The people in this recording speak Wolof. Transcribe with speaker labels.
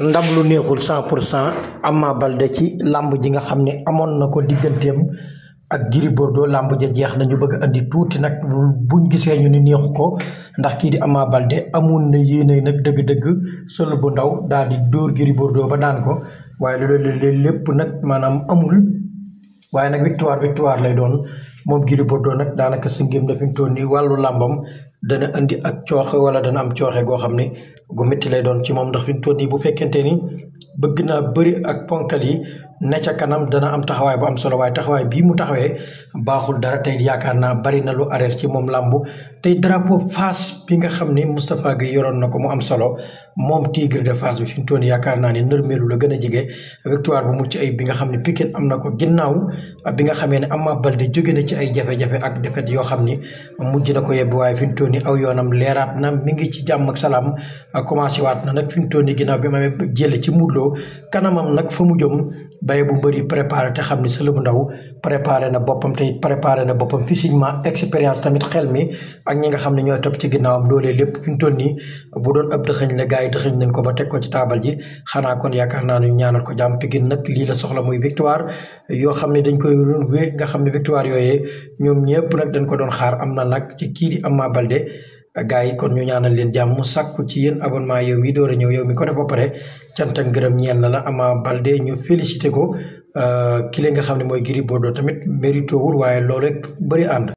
Speaker 1: ndam lu neexul cent pour cent Ama Baldé ci làmb ji nga xam ne amoon na ko digganteem ak Gris Bordeaux làmb ja jeex na ñu bëgg andi tuuti nag bu gisee ñu ni neexu ko ndax kii di Ama Baldé amoon na yéene nag dëgg-dëgg sol bu ndaw daal di dóor Gris Bordeaux ba daan ko waaye loolu lépp nag maanaam amul. waaye nag victoire victoire lay doon moom Gris Bordeaux nag daanaka sa ngéem la fi mu toll nii wàllu làmbam dana indi ak coox wala dana am cooxe goo xam ne gu métti lay doon ci moom ndax fi mu toll nii bu fekkente ni bëgg naa bëri ak ponkal yi ne ca kanam dana am taxawaay bu am solo waaye taxawaay bii mu taxawee baaxul dara tey yaakaar naa bari na lu areer ci moom làmb tey drapeau Fass bi nga xam ne Moustapha Gueye yoroon na ko mu am solo moom Tigre de Fass bi fi mu toll yaakaar naa ne nërmeelu la gën a jege victoire bu mucc ayib bi nga xam ne Pikine am na ko ginnaaw bi nga xamee ne Ama Baldé jóge na ci ay jafe-jafe ak défaite yoo xam ni mujj na ko yebbi waaye fi mu toll aw yoonam leeraat na mi ngi ci jàmm ak salaam commencé waat na nag fi mu toll ginnaaw bi ma amee jële ci Modou kanamam nag fa mu jëm baye bu bëri préparé te xam ni Sele bu ndaw préparé na boppam te préparé na boppam physiquement expérience tamit xel mi ak ñi nga xam ne ñooy topp ci ginnaawam loolee lépp fi mu toll nii bu doon ëpp dëxëñ la gars yi dëxëñ nañ ko ba teg ko ci taabal ji xanaa kon yaakaar naa ñu ñaanal ko jàmm Pikine nag lii la soxla muy victoire yoo xam ne dañ koy renouveler nga xam ne victoire yooyee ñoom ñëpp nag dañ ko doon xaar am na nag ci kii di maabal de gars yi kon ñu ñaanal leen jàmm sàkku ci yéen abonnement yow mi door a ñëw yow mi ko def ba pare cant ak gërëm ñeel na la Ama Baldé ñu félicité ko euh, ki la nga xam ne mooy Gris Bordeaux tamit mérito wul waaye loolu rek bëri ànd.